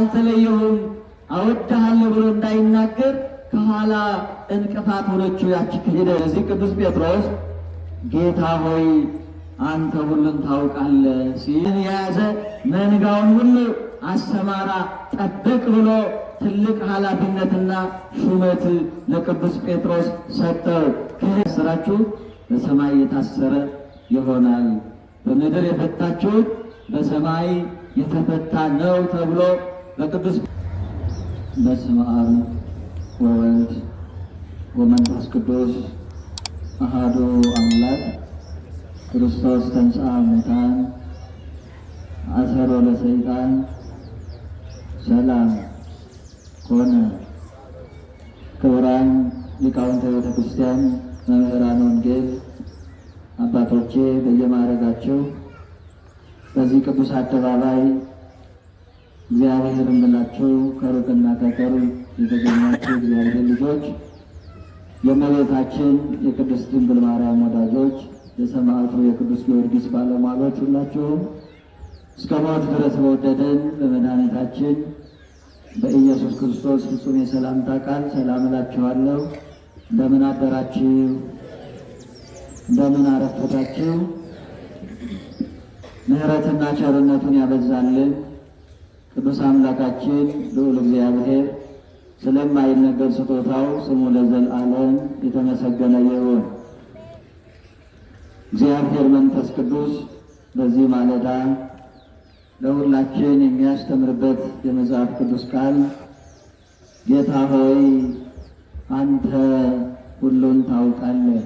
አልተለየሁም አወድሃለሁ ብሎ እንዳይናገር ከኋላ እንቅፋት ሆኖች ያቺ ከሄደ እዚህ ቅዱስ ጴጥሮስ ጌታ ሆይ አንተ ሁሉን ታውቃለህ ሲል የያዘ መንጋውን ሁሉ አሰማራ፣ ጠብቅ ብሎ ትልቅ ኃላፊነትና ሹመት ለቅዱስ ጴጥሮስ ሰጠው። ስራችሁ በሰማይ የታሰረ ይሆናል፣ በምድር የፈታችሁት በሰማይ የተፈታ ነው ተብሎ በቅዱስ በስመ አብ ወወልድ ወመንፈስ ቅዱስ አሃዱ አምላክ ክርስቶስ ተንሥአ እሙታን አሰሮ ለሰይጣን ሰላም ኮነ። ክቡራን ሊቃውንተ ቤተ ክርስቲያን፣ መምህራን ወንጌል አባቶቼ በየማዕረጋቸው በዚህ ቅዱስ አደባባይ እግዚአብሔርን ብላችሁ ከሩቅና ከቅርብ የተገኛችሁ እግዚአብሔር ልጆች፣ የእመቤታችን የቅድስት ድንግል ማርያም ወዳጆች፣ የሰማዕቱ የቅዱስ ጊዮርጊስ ባለሟሎች ሁላችሁም እስከ ሞት ድረስ በወደደን በመድኃኒታችን በኢየሱስ ክርስቶስ ፍጹም የሰላምታ ቃል ሰላም እላችኋለሁ። እንደምን አደራችሁ? እንደምን አረፈታችሁ? ምሕረትና ቸርነቱን ያበዛልን ቅዱስ አምላካችን ልዑል እግዚአብሔር ስለማይነገር ስጦታው ስሙ ለዘላለም የተመሰገነ ይሁን። እግዚአብሔር መንፈስ ቅዱስ በዚህ ማለዳ ለሁላችን የሚያስተምርበት የመጽሐፍ ቅዱስ ቃል ጌታ ሆይ አንተ ሁሉን ታውቃለህ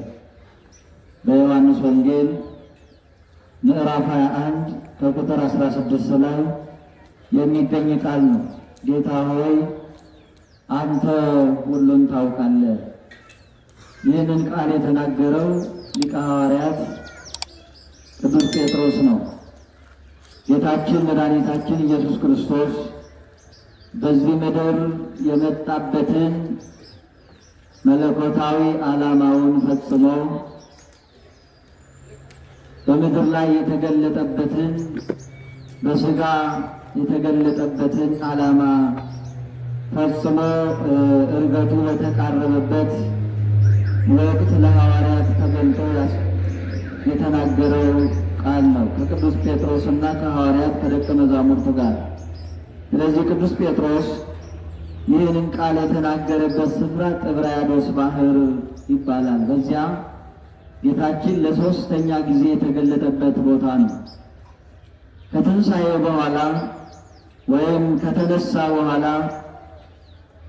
በዮሐንስ ወንጌል ምዕራፍ 21 ከቁጥር 16 ላይ የሚገኝ ቃል ነው። ጌታ ሆይ አንተ ሁሉን ታውቃለህ። ይህንን ቃል የተናገረው ሊቀ ሐዋርያት ቅዱስ ጴጥሮስ ነው። ጌታችን መድኃኒታችን ኢየሱስ ክርስቶስ በዚህ ምድር የመጣበትን መለኮታዊ ዓላማውን ፈጽሞ በምድር ላይ የተገለጠበትን በስጋ ። የተገለጠበትን ዓላማ ፈጽሞ እርገቱ በተቃረበበት ወቅት ለሐዋርያት ተገልጦ የተናገረው ቃል ነው ከቅዱስ እና ከሐዋርያት ከደቀ መዛሙርቱ ጋር። ስለዚህ ቅዱስ ጴጥሮስ ይህንን ቃል የተናገረበት ስፍራ ጥብርያዶስ ባህር ይባላል። በዚያ ጌታችን ለሶስተኛ ጊዜ የተገለጠበት ቦታ ነው። ከትንሣኤ በኋላ ወይም ከተነሳ በኋላ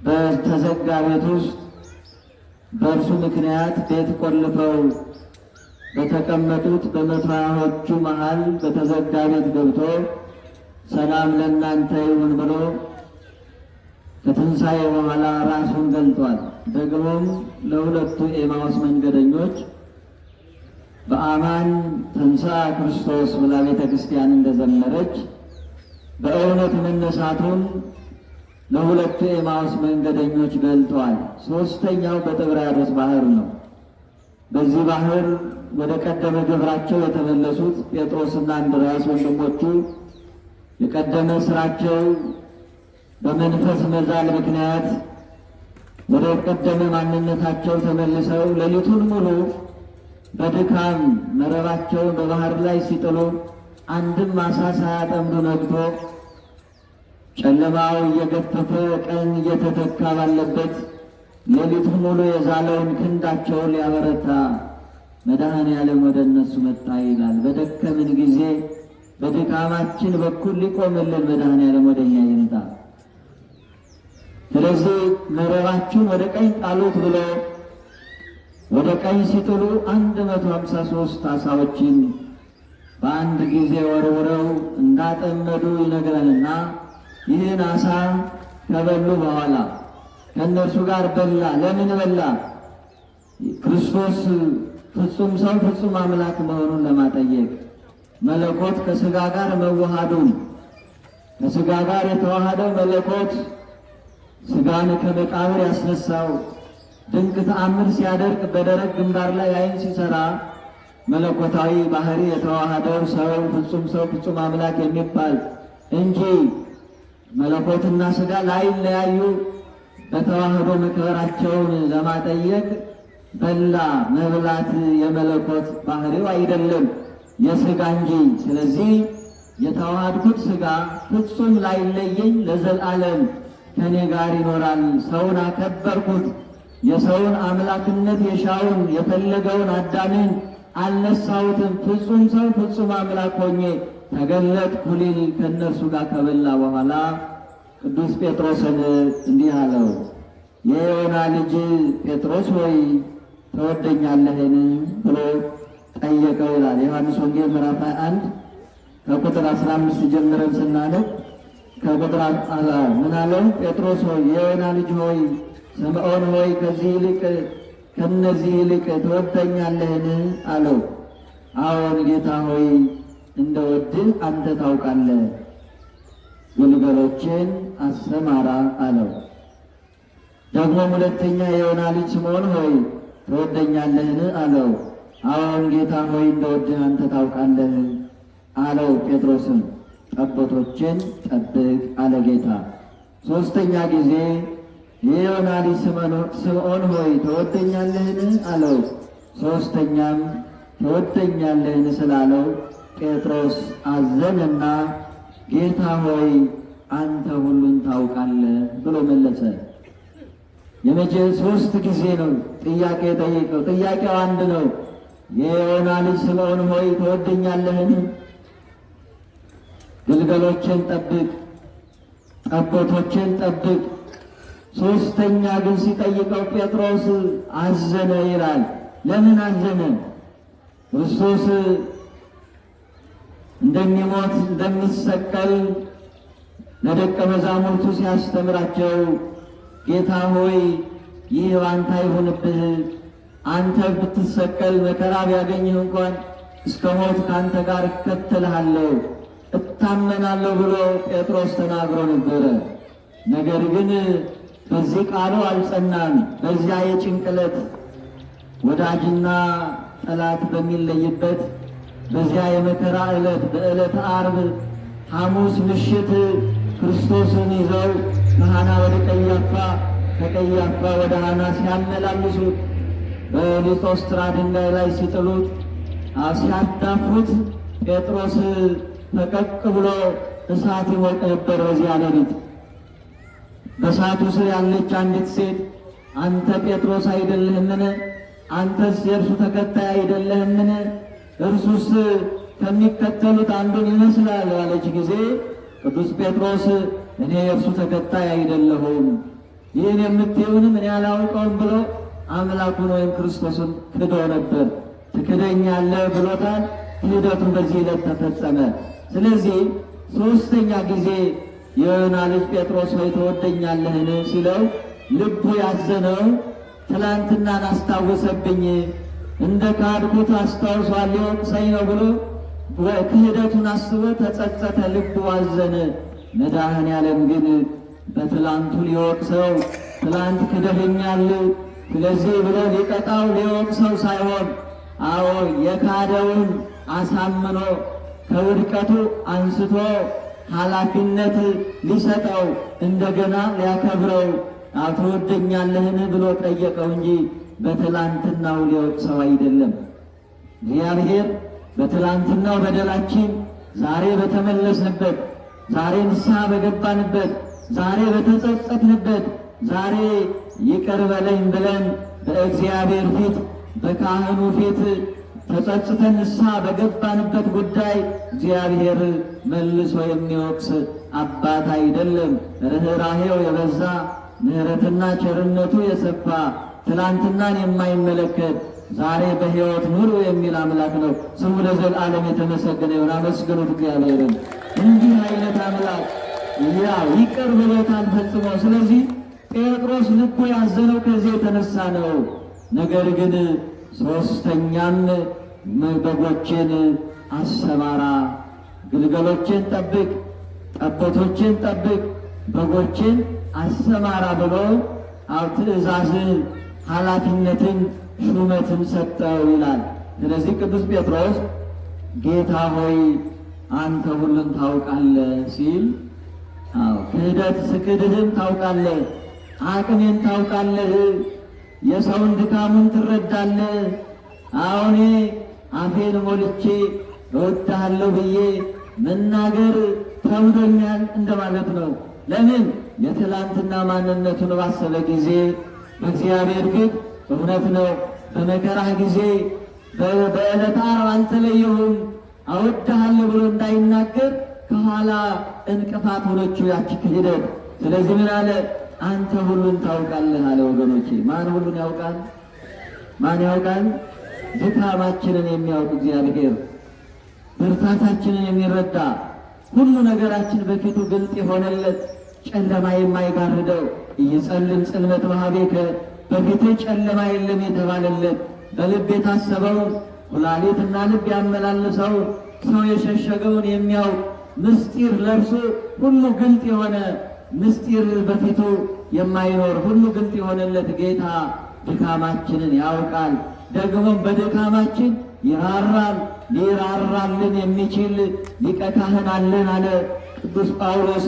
በተዘጋ ቤት ውስጥ በእርሱ ምክንያት ቤት ቆልፈው በተቀመጡት በመፍራሖቹ መሃል በተዘጋ ቤት ገብቶ ሰላም ለእናንተ ይሁን ብሎ ከትንሣኤ በኋላ ራሱን ገልጧል። ደግሞም ለሁለቱ ኤማውስ መንገደኞች በአማን ተንሥአ ክርስቶስ ብላ ቤተ ክርስቲያን እንደዘመረች በእውነት መነሳቱን ለሁለቱ ኤማውስ መንገደኞች ገልጧል። ሦስተኛው በጥብርያዶስ ባህር ነው። በዚህ ባህር ወደ ቀደመ ግብራቸው የተመለሱት ጴጥሮስና እንድርያስ ወንድሞቹ የቀደመ ስራቸው በመንፈስ መዛል ምክንያት ወደ ቀደመ ማንነታቸው ተመልሰው ሌሊቱን ሙሉ በድካም መረባቸውን በባህር ላይ ሲጥሉ አንድም አሳ ሳያጠምዱ ነግቶ ጨለማው እየገፈፈ ቀን እየተተካ ባለበት ሌሊት ሙሉ የዛለውን ክንዳቸውን ሊያበረታ መድኃኔ ዓለም ወደ እነሱ መጣ ይላል። በደከምን ጊዜ በድካማችን በኩል ሊቆምልን መድኃኔ ዓለም ወደ እኛ ይምጣ። ስለዚህ መረባችሁን ወደ ቀኝ ጣሉት ብሎ ወደ ቀኝ ሲጥሉ አንድ መቶ ሀምሳ ሶስት አሳዎችን በአንድ ጊዜ ወርውረው እንዳጠመዱ ይነግረንና ይህን አሳ ከበሉ በኋላ ከእነርሱ ጋር በላ። ለምን በላ? ክርስቶስ ፍጹም ሰው ፍጹም አምላክ መሆኑን ለማጠየቅ መለኮት ከስጋ ጋር መዋሃዱን ከስጋ ጋር የተዋሃደው መለኮት ስጋን ከመቃብር ያስነሳው ድንቅ ተአምር ሲያደርግ በደረቅ ግንባር ላይ አይን ሲሰራ! መለኮታዊ ባህሪ የተዋሃደ ሰው ፍጹም ሰው ፍጹም አምላክ የሚባል እንጂ መለኮትና ስጋ ላይለያዩ በተዋህዶ መክበራቸውን ለማጠየቅ በላ መብላት የመለኮት ባህሪው አይደለም የስጋ እንጂ። ስለዚህ የተዋሃድኩት ስጋ ፍጹም ላይለየኝ ለዘላለም ከኔ ጋር ይኖራል። ሰውን አከበርኩት። የሰውን አምላክነት የሻውን የፈለገውን አዳምን አልነሳሁትም። ፍጹም ሰው ፍጹም አምላክ ሆኜ ተገለጥኩ ሊል ከእነርሱ ጋር ከበላ በኋላ ቅዱስ ጴጥሮስን እንዲህ አለው፣ የዮና ልጅ ጴጥሮስ ሆይ ተወደኛለህን? ብሎ ጠየቀው ይላል ዮሐንስ ወንጌል ምዕራፍ 21 ከቁጥር 15 ጀምረን ስናነብ ከቁጥር ምን አለው? ጴጥሮስ ሆይ የዮና ልጅ ሆይ ስምዖን ሆይ ከዚህ ይልቅ ከነዚህ ይልቅ ትወደኛለህን? አለው። አዎን ጌታ ሆይ እንደ ወድህ አንተ ታውቃለህ፣ ግልገሎችን አሰማራ አለው። ደግሞም ሁለተኛ የዮና ልጅ ስምዖን ሆይ ትወደኛለህን? አለው። አዎን ጌታ ሆይ እንደ ወድህ አንተ ታውቃለህ አለው። ጴጥሮስም ጠቦቶችን ጠብቅ አለ ጌታ ሦስተኛ ጊዜ የዮና ስምዖን ሆይ ተወደኛለህን? አለው። ሦስተኛም ተወደኛለህን ስላለው ጴጥሮስ አዘነና ጌታ ሆይ አንተ ሁሉን ታውቃለህ ብሎ መለሰ። የመቼ ሶስት ጊዜ ነው ጥያቄ የጠየቀው ጥያቄው አንድ ነው። የዮና ልጅ ስምዖን ሆይ ተወደኛለህን? ግልገሎችን ጠብቅ፣ ጠቦቶችን ጠብቅ ሶስተኛ ግን ሲጠይቀው ጴጥሮስ አዘነ ይላል። ለምን አዘነ? ክርስቶስ እንደሚሞት እንደሚሰቀል ለደቀ መዛሙርቱ ሲያስተምራቸው ጌታ ሆይ ይህ ባንተ አይሁንብህ፣ አንተ ብትሰቀል መከራ ቢያገኝህ እንኳን እስከ ሞት ከአንተ ጋር እከተልሃለሁ እታመናለሁ ብሎ ጴጥሮስ ተናግሮ ነበረ። ነገር ግን በዚህ ቃሉ አልጸናም። በዚያ የጭንቅለት ወዳጅና ጠላት በሚለይበት በዚያ የመከራ ዕለት በዕለት አርብ ሐሙስ ምሽት ክርስቶስን ይዘው ከሃና ወደ ቀያፋ ከቀያፋ ወደ ሃና ሲያመላልሱት በሊጦስትራ ድንጋይ ላይ ሲጥሉት ሲያዳፉት ጴጥሮስ ፈቀቅ ብሎ እሳት ይሞቅ ነበር በዚያ ሌሊት። በሳቱ ስር ያለች አንዲት ሴት አንተ ጴጥሮስ አይደለህምን? አንተስ የእርሱ ተከታይ አይደለህምን? እርሱስ ከሚከተሉት አንዱን ይመስላል ያለች ጊዜ ቅዱስ ጴጥሮስ እኔ የእርሱ ተከታይ አይደለሁም፣ ይህን የምትይውንም እኔ አላውቀውም ብሎ አምላኩን ወይም ክርስቶስን ክዶ ነበር። ትክደኛለህ ብሎታል። ክህደቱን በዚህ ዕለት ተፈጸመ። ስለዚህ ሦስተኛ ጊዜ የዮና ልጅ ጴጥሮስ ሆይ ተወደኛለህን? ሲለው ልቡ ያዘነው ትላንትናን አስታወሰብኝ፣ እንደ ካድኩት አስታውሷል ሊወቅሰኝ ነው ብሎ ክህደቱን አስቦ ተጸጸተ፣ ልቡ አዘነ። መድኃኔ ዓለም ግን በትላንቱ ሊወቅሰው ትላንት ክደኸኛል ስለዚህ ብሎ ሊቀጣው ሊወቅሰው ሳይሆን አዎ የካደውን አሳምኖ ከውድቀቱ አንስቶ ኃላፊነት ሊሰጠው እንደገና ሊያከብረው አትወደኛለህን ብሎ ጠየቀው እንጂ በትላንትናው ሊወቅ ሰው አይደለም። እግዚአብሔር በትላንትናው በደላችን ዛሬ በተመለስንበት፣ ዛሬ ንስሐ በገባንበት፣ ዛሬ በተጸጸትንበት፣ ዛሬ ይቅር በለኝ ብለን በእግዚአብሔር ፊት በካህኑ ፊት ተጸጽተን ንስሐ በገባንበት ጉዳይ እግዚአብሔር መልሶ የሚወቅስ አባት አይደለም። ርኅራኄው የበዛ ምሕረትና ቸርነቱ የሰፋ ትላንትናን የማይመለከት ዛሬ በሕይወት ኑሩ የሚል አምላክ ነው። ስሙ ለዘላለም የተመሰገነ ይሁን። አመስግኑት እግዚአብሔርን። እንዲህ አይነት አምላክ ያ ይቅር ብሎታል ፈጽሞ። ስለዚህ ጴጥሮስ ልቡ ያዘነው ከዚህ የተነሳ ነው። ነገር ግን ሶስተኛም በጎችን አሰማራ፣ ግልገሎችን ጠብቅ፣ ጠቦቶችን ጠብቅ፣ በጎችን አሰማራ ብሎ ትእዛዝን፣ ኃላፊነትን፣ ሹመትን ሰጠው ይላል። ስለዚህ ቅዱስ ጴጥሮስ ጌታ ሆይ አንተ ሁሉን ታውቃለህ ሲል ክህደት ስክድህን ታውቃለህ፣ አቅሜን ታውቃለህ የሰውን ድካሙን ትረዳለ። አሁኔ አፌን ሞልቼ እወድሃለሁ ብዬ መናገር ተውዶኛል እንደማለት ነው። ለምን የትላንትና ማንነቱን ባሰበ ጊዜ በእግዚአብሔር ፊት እውነት ነው። በመከራ ጊዜ በዕለተ ዓርብ አልተለየሁም አወድሃለሁ ብሎ እንዳይናገር ከኋላ እንቅፋት ሆኖቹ ያቺ ክህደት። ስለዚህ ምን አለ? አንተ ሁሉን ታውቃለህ አለ። ወገኖቼ ማን ሁሉን ያውቃል? ማን ያውቃል? ድካማችንን የሚያውቅ እግዚአብሔር፣ ብርታታችንን የሚረዳ ሁሉ ነገራችን በፊቱ ግልጥ የሆነለት ጨለማ የማይጋርደው እየጸልም ጽልመት መሃቤከ በፊቱ ጨለማ የለም የተባለለት በልብ የታሰበው ኩላሊትና ልብ ያመላልሰው ሰው የሸሸገውን የሚያውቅ ምስጢር ለእርሱ ሁሉ ግልጥ የሆነ ምስጢር በፊቱ የማይኖር ሁሉ ግልጥ የሆነለት ጌታ ድካማችንን ያውቃል። ደግሞም በድካማችን ይራራል። ሊራራልን የሚችል ሊቀ ካህን አለን አለ ቅዱስ ጳውሎስ።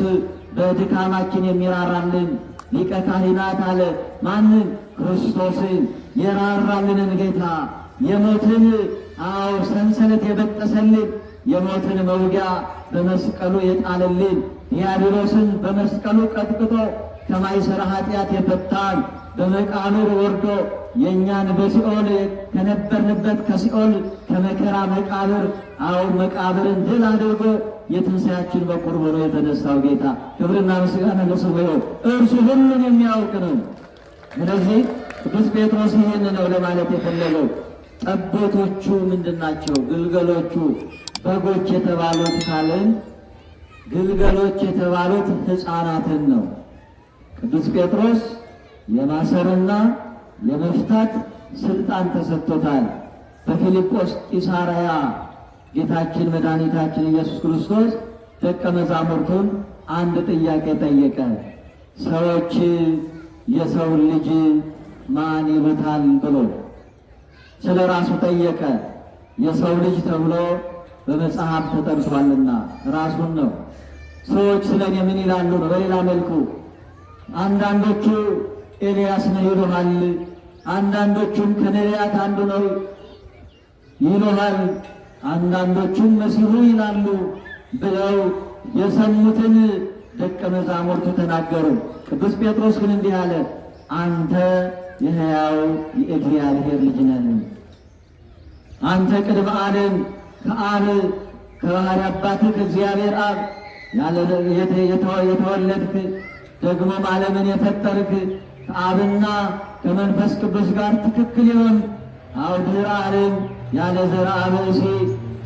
በድካማችን የሚራራልን ሊቀ ካህናት አለ። ማንን? ክርስቶስን የራራልንን ጌታ የሞትን አዎ ሰንሰለት የበጠሰልን የሞትን መውጊያ በመስቀሉ የጣለልን ዲያብሎስን በመስቀሉ ቀጥቅጦ ከማይሰራ ኃጢአት የፈታን በመቃብር ወርዶ የእኛን በሲኦል ከነበርንበት ከሲኦል ከመከራ መቃብር አው መቃብርን ድል አድርጎ የትንሣያችን በኩር ሆኖ የተነሳው ጌታ ክብርና ምስጋና ለስሙ ይሁን። እርሱ ሁሉን የሚያውቅ ነው። ስለዚህ ቅዱስ ጴጥሮስ ይህን ነው ለማለት የፈለገው። ጠቦቶቹ ምንድናቸው? ግልገሎቹ፣ በጎች የተባሉት ካለን ግልገሎች የተባሉት ሕፃናትን ነው። ቅዱስ ጴጥሮስ የማሰርና የመፍታት ስልጣን ተሰጥቶታል። በፊልጶስ ቂሳርያ ጌታችን መድኃኒታችን ኢየሱስ ክርስቶስ ደቀ መዛሙርቱን አንድ ጥያቄ ጠየቀ። ሰዎች የሰው ልጅ ማን ይሉታል ብሎ ስለ ራሱ ጠየቀ። የሰው ልጅ ተብሎ በመጽሐፍ ተጠርቷልና ራሱን ነው። ሰዎች ስለኔ ምን ይላሉ ነው። በሌላ መልኩ አንዳንዶቹ ኤልያስ ነው ይሉሃል፣ አንዳንዶቹም ከነቢያት አንዱ ነው ይሉሃል፣ አንዳንዶቹም መሲሁ ይላሉ ብለው የሰሙትን ደቀ መዛሙርቱ ተናገሩ። ቅዱስ ጴጥሮስ ግን እንዲህ አለ፣ አንተ የሕያው የእግዚአብሔር ልጅ ነን። አንተ ቅድመ ዓለም ከአብ ከባሕሪ አባትህ ከእግዚአብሔር አብ የተወለድክ ደግሞ ዓለምን የፈጠርክ ከአብና ከመንፈስ ቅዱስ ጋር ትክክል ይሆን አውድር ዓለም ያለ ዘርአ ብእሲ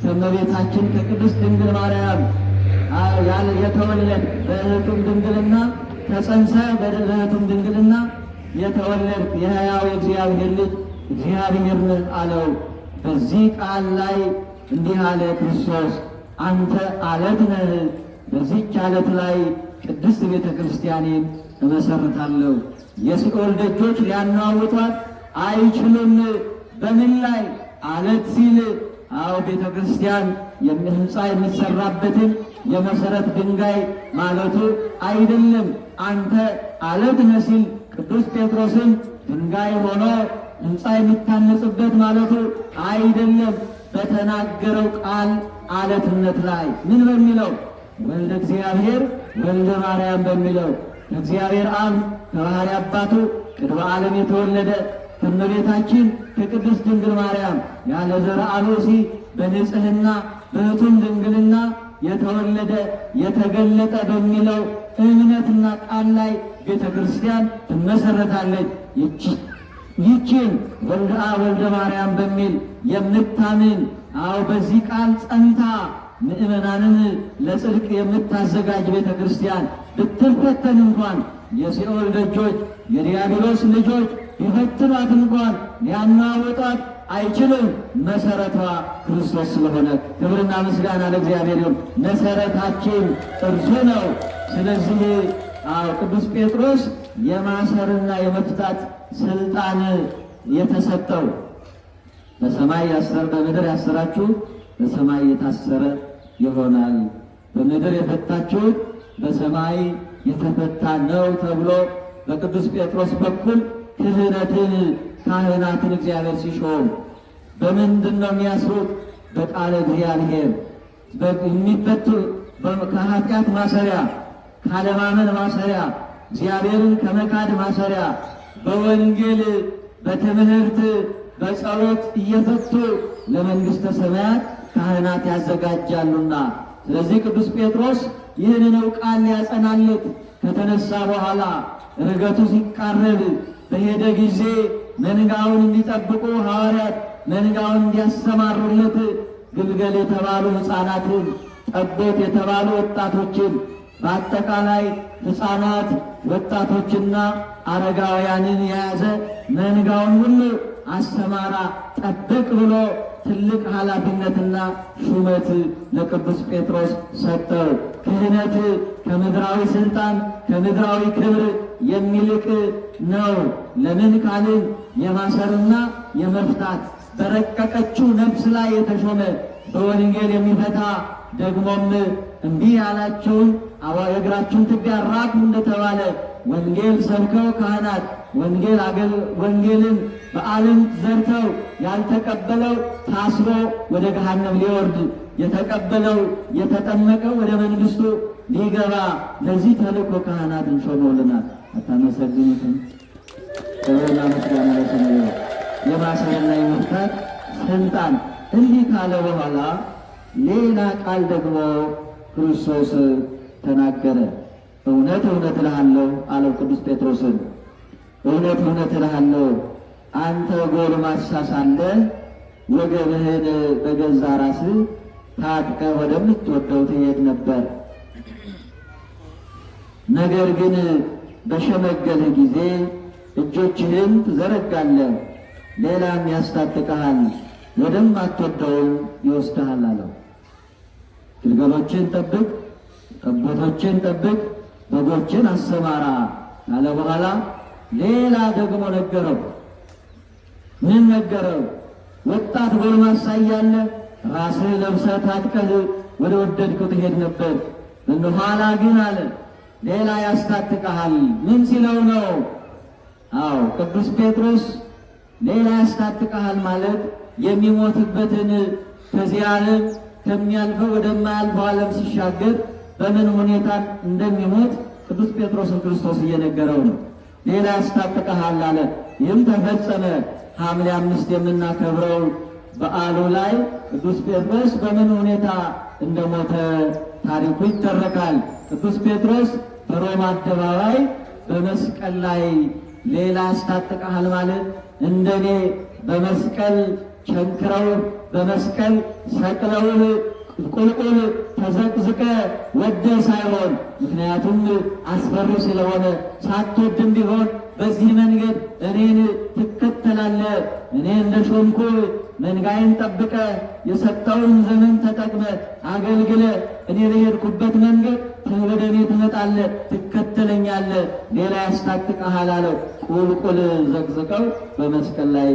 ከመቤታችን ከቅድስት ድንግል ማርያም ያለ የተወለድ በእህቱም ድንግልና ተጸንሰ በእህቱም ድንግልና የተወለድክ የሕያው የእግዚአብሔር ልጅ እግዚአብሔር ነህ አለው። በዚህ ቃል ላይ እንዲህ አለ ክርስቶስ አንተ አለት ነህ በዚህች ዓለት ላይ ቅድስት ቤተ ክርስቲያኔን እመሰርታለሁ። የሲኦል ደጆች ሊያናውጧት አይችሉም። በምን ላይ አለት ሲል አዎ ቤተ ክርስቲያን ህንፃ የሚሰራበትን የመሰረት ድንጋይ ማለቱ አይደለም። አንተ አለት ነህ ሲል ቅዱስ ጴጥሮስን ድንጋይ ሆኖ ህንፃ የሚታነጽበት ማለቱ አይደለም። በተናገረው ቃል አለትነት ላይ ምን በሚለው ወልደ እግዚአብሔር ወልደ ማርያም በሚለው ከእግዚአብሔር አብ ከባህሪ አባቱ ቅድመ ዓለም የተወለደ ከእመቤታችን ከቅድስት ድንግል ማርያም ያለ ዘርአ አሎሲ በንጽሕና በኅቱም ድንግልና የተወለደ የተገለጠ በሚለው እምነትና ቃል ላይ ቤተ ክርስቲያን ትመሰረታለች። ይችን ወልደ አብ ወልደ ማርያም በሚል የምታምን አዎ በዚህ ቃል ጸንታ ምእመናንን ለጽድቅ የምታዘጋጅ ቤተ ክርስቲያን ብትፈተን እንኳን የሲኦል ደጆች የዲያብሎስ ልጆች ይፈትኗት እንኳን ሊያናውጧት አይችልም። መሰረቷ ክርስቶስ ስለሆነ ክብርና ምስጋና ለእግዚአብሔር ይሁን። መሰረታችን እርሱ ነው። ስለዚህ ቅዱስ ጴጥሮስ የማሰርና የመፍታት ስልጣን የተሰጠው በሰማይ ያሰር በምድር ያሰራችሁ በሰማይ የታሰረ ይሆናል። በምድር የፈታችሁት በሰማይ የተፈታ ነው ተብሎ በቅዱስ ጴጥሮስ በኩል ክህነትን ካህናትን እግዚአብሔር ሲሾም በምንድን ነው የሚያስሩት? በቃለ እግዚአብሔር የሚፈቱ ከኃጢአት ማሰሪያ፣ ካለማመን ማሰሪያ፣ እግዚአብሔርን ከመካድ ማሰሪያ በወንጌል በትምህርት በጸሎት እየፈቱ ለመንግሥተ ሰማያት ካህናት ያዘጋጃሉና። ስለዚህ ቅዱስ ጴጥሮስ ይህንን ቃል ሊያጸናለት ከተነሳ በኋላ ርገቱ ሲቃረብ በሄደ ጊዜ መንጋውን እንዲጠብቁ ሐዋርያት መንጋውን እንዲያሰማሩለት ግልገል የተባሉ ሕፃናትን፣ ጠቦት የተባሉ ወጣቶችን በአጠቃላይ ሕፃናት ወጣቶችና አረጋውያንን የያዘ መንጋውን ሁሉ አሰማራ ጠብቅ ብሎ ትልቅ ኃላፊነትና ሹመት ለቅዱስ ጴጥሮስ ሰጠው። ክህነት ከምድራዊ ስልጣን ከምድራዊ ክብር የሚልቅ ነው። ለምን ካልን የማሰርና የመፍታት በረቀቀችው ነፍስ ላይ የተሾመ በወንጌል የሚፈታ ደግሞም እንዲህ ያላቸውን እግራቸውን ትቢያ ራቁ እንደተባለ ወንጌል ሰብከው ካህናት ወንጌል ወንጌልን በዓለም ዘርተው ያልተቀበለው ታስሮ ወደ ገሃነም ሊወርድ የተቀበለው የተጠመቀው ወደ መንግስቱ ሊገባ ለዚህ ተልእኮ ካህናት እንሾመውልናል። አታመሰግኑትም? ጥበብና ምስጋና ለስሙ። የማሰብና የመፍታት ስልጣን እንዲህ ካለ በኋላ ሌላ ቃል ደግሞ ክርስቶስ ተናገረ። እውነት እውነት እልሃለሁ አለው ቅዱስ ጴጥሮስን። እውነት እውነት እልሃለሁ አንተ ጎልማሳ አለ ወገብህን በገዛ ራስ ታጥቀ ወደምትወደው ትሄድ ነበር። ነገር ግን በሸመገልህ ጊዜ እጆችህን ትዘረጋለህ፣ ሌላም ያስታጥቀሃል፣ ወደማትወደውም ይወስድሃል አለው። ግልገሎችን ጠብቅ፣ ጠቦቶችን ጠብቅ፣ በጎችን አሰማራ ካለ በኋላ ሌላ ደግሞ ነገረው። ምን ነገረው? ወጣት ጎልማሳ እያለ ራስህ ለብሰ ታጥቀህ ወደ ወደድ ትሄድ ነበር። ኋላ ግን አለ ሌላ ያስታጥቀሃል። ምን ሲለው ነው? አዎ ቅዱስ ጴጥሮስ ሌላ ያስታጥቀሃል ማለት የሚሞትበትን ከዚህ ዓለም ከሚያልፈው ወደማያልፈው ዓለም ሲሻገር በምን ሁኔታ እንደሚሞት ቅዱስ ጴጥሮስን ክርስቶስ እየነገረው ነው። ሌላ ያስታጥቅሃል አለ። ይህም ተፈጸመ። ሐምሌ አምስት የምናከብረው በዓሉ ላይ ቅዱስ ጴጥሮስ በምን ሁኔታ እንደሞተ ታሪኩ ይተረካል። ቅዱስ ጴጥሮስ በሮማ አደባባይ በመስቀል ላይ ሌላ ያስታጥቅሃል ማለት እንደኔ በመስቀል ቸንክረው በመስቀል ሰቅለውህ ቁልቁል ተዘቅዝቀ ወደ ሳይሆን ምክንያቱም አስፈሪ ስለሆነ ሳትወድም ቢሆን በዚህ መንገድ እኔን ትከተላለ እኔ እንደ መንጋይን ጠብቀ የሰጠውን ዘመን ተጠቅመ አገልግለ እኔ በሄድኩበት መንገድ ወደ እኔ ትመጣለ ትከተለኛለ ሌላ ያስታጥቀሃል አለው ቁልቁል ዘቅዝቀው በመስቀል ላይ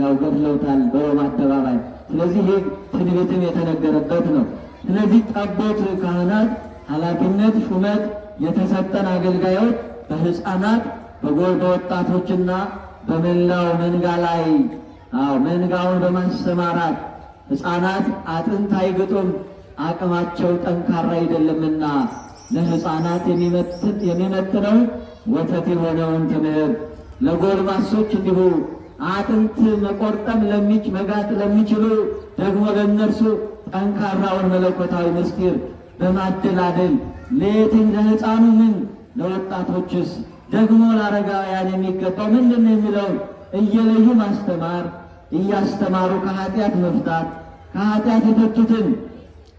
ያው ገድለውታል በሮማ አደባባይ። ስለዚህ ይህ ትንቢትም የተነገረበት ነው። ስለዚህ ጠቦት ካህናት ኃላፊነት ሹመት የተሰጠን አገልጋዮች በህፃናት በጎል በመላው መንጋ ላይ አዎ መንጋውን በማሰማራት ህፃናት አጥንት አይግጡም አቅማቸው ጠንካራ አይደለምና ለህፃናት የሚመጥነው ወተት የሆነውን ትምህርት ለጎልማሶች እንዲሁ አጥንት መቆርጠም ለሚች መጋጥ ለሚችሉ ደግሞ ለእነርሱ ጠንካራውን መለኮታዊ ምስጢር በማደላደል ለየትን ለሕፃኑ ምን ለወጣቶችስ ደግሞ ለአረጋውያን የሚገባው ምንድን የሚለው የሚለውን እየለዩ ማስተማር እያስተማሩ ከኃጢአት መፍታት ከኃጢአት የተቱትን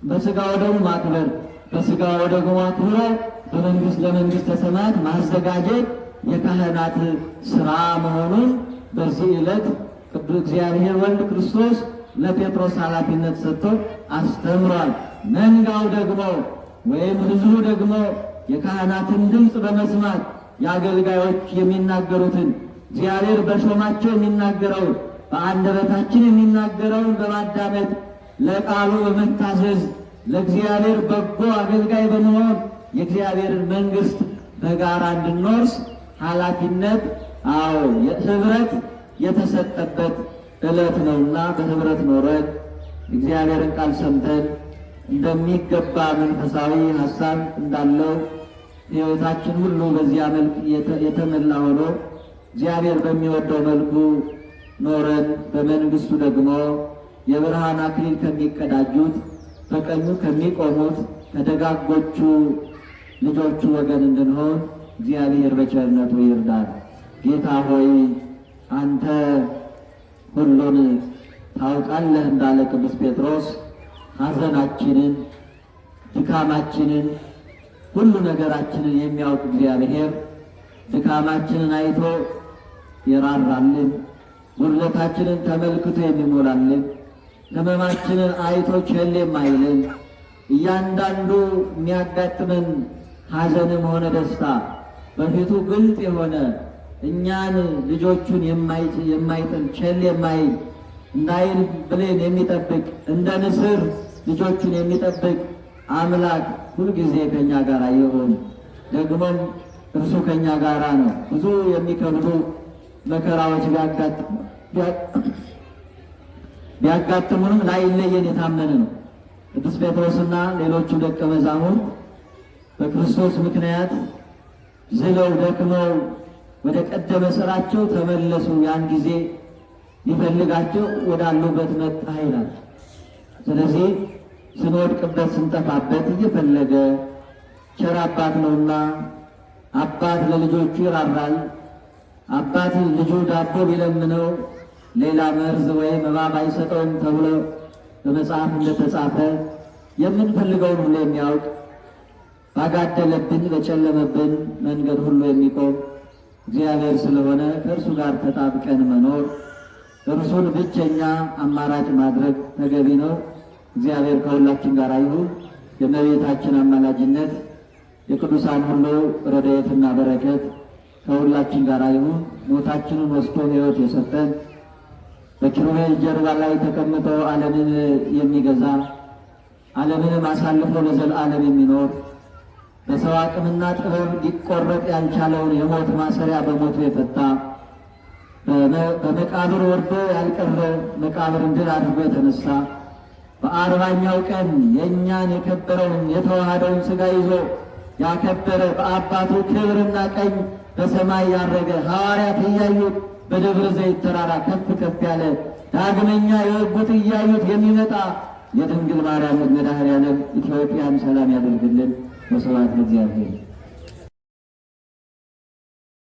በሥጋ ወደሙ ማክበር በሥጋ ወደሙ አክብሮ በመንግሥት ለመንግሥተ ሰማያት ማዘጋጀት የካህናት ሥራ መሆኑን በዚህ ዕለት እግዚአብሔር ወልድ ክርስቶስ ለጴጥሮስ ኃላፊነት ሰጥቶ አስተምሯል። መንጋው ደግሞ ወይም ሕዝቡ ደግሞ የካህናትን ድምፅ በመስማት የአገልጋዮች የሚናገሩትን እግዚአብሔር በሾማቸው የሚናገረውን በአንደበታችን የሚናገረውን በማዳመጥ ለቃሉ በመታዘዝ ለእግዚአብሔር በጎ አገልጋይ በመሆን የእግዚአብሔርን መንግሥት በጋራ እንድንወርስ ኃላፊነት አዎ ህብረት የተሰጠበት ዕለት ነውና በህብረት ኖረን እግዚአብሔርን ቃል ሰምተን እንደሚገባ መንፈሳዊ ሀሳብ እንዳለው ህይወታችን ሁሉ በዚያ መልክ የተመላ ሆኖ እግዚአብሔር በሚወደው መልኩ ኖረን በመንግስቱ ደግሞ የብርሃን አክሊል ከሚቀዳጁት በቀኙ ከሚቆሙት ከደጋጎቹ ልጆቹ ወገን እንድንሆን እግዚአብሔር በቸርነቱ ይርዳል። ጌታ ሆይ አንተ ሁሉን ታውቃለህ እንዳለ ቅዱስ ጴጥሮስ ሐዘናችንን፣ ድካማችንን፣ ሁሉ ነገራችንን የሚያውቅ እግዚአብሔር ድካማችንን አይቶ የራራልን፣ ጉድለታችንን ተመልክቶ የሚሞላልን፣ ሕመማችንን አይቶ ቸል የማይልን እያንዳንዱ የሚያጋጥመን ሐዘንም ሆነ ደስታ በፊቱ ግልጽ የሆነ እኛን ልጆቹን የማይጥል ቸል የማይል እንዳይል ብሌን የሚጠብቅ እንደ ንስር ልጆቹን የሚጠብቅ አምላክ ሁልጊዜ ከእኛ ጋር ይሁን። ደግሞም እርሱ ከእኛ ጋራ ነው። ብዙ የሚከብዱ መከራዎች ቢያጋጥሙንም ላይለየን የታመነ ነው። ቅዱስ ጴጥሮስና ሌሎቹ ደቀ መዛሙርት በክርስቶስ ምክንያት ዝለው ደክመው ወደ ቀደመ ስራቸው ተመለሱ። ያን ጊዜ ሊፈልጋቸው ወዳሉበት መጣ ይላል። ስለዚህ ስንወድቅበት ስንጠፋበት እየፈለገ ቸር አባት ነውና አባት ለልጆቹ ይራራል። አባት ልጁ ዳቦ ቢለምነው ሌላ መርዝ ወይም እባብ አይሰጠውም ተብሎ በመጽሐፍ እንደተጻፈ የምንፈልገውን ሁሉ የሚያውቅ ባጋደለብን በጨለመብን መንገድ ሁሉ የሚቆም እግዚአብሔር ስለሆነ ከእርሱ ጋር ተጣብቀን መኖር እርሱን ብቸኛ አማራጭ ማድረግ ተገቢ ነው። እግዚአብሔር ከሁላችን ጋር ይሁን። የእመቤታችን አማላጅነት የቅዱሳን ሁሉ ረድኤትና በረከት ከሁላችን ጋር ይሁን። ሞታችንን ወስዶ ሕይወት የሰጠን በኪሩቤል ጀርባ ላይ ተቀምጦ ዓለምን የሚገዛ ዓለምንም አሳልፎ ለዘላለም የሚኖር በሰው አቅምና ጥበብ ሊቆረጥ ያልቻለውን የሞት ማሰሪያ በሞቱ የፈታ በመቃብር ወርዶ ያልቀረ መቃብርን ድል አድርጎ የተነሳ በአርባኛው ቀን የእኛን የከበረውን የተዋሃደውን ሥጋ ይዞ ያከበረ በአባቱ ክብርና ቀኝ በሰማይ ያረገ ሐዋርያት እያዩት በደብረ ዘይት ተራራ ከፍ ከፍ ያለ ዳግመኛ የወጉት እያዩት የሚመጣ የድንግል ማርያም መድኃኔ ኢትዮጵያን ሰላም ያደርግልን። মুসলমান হাজি আবি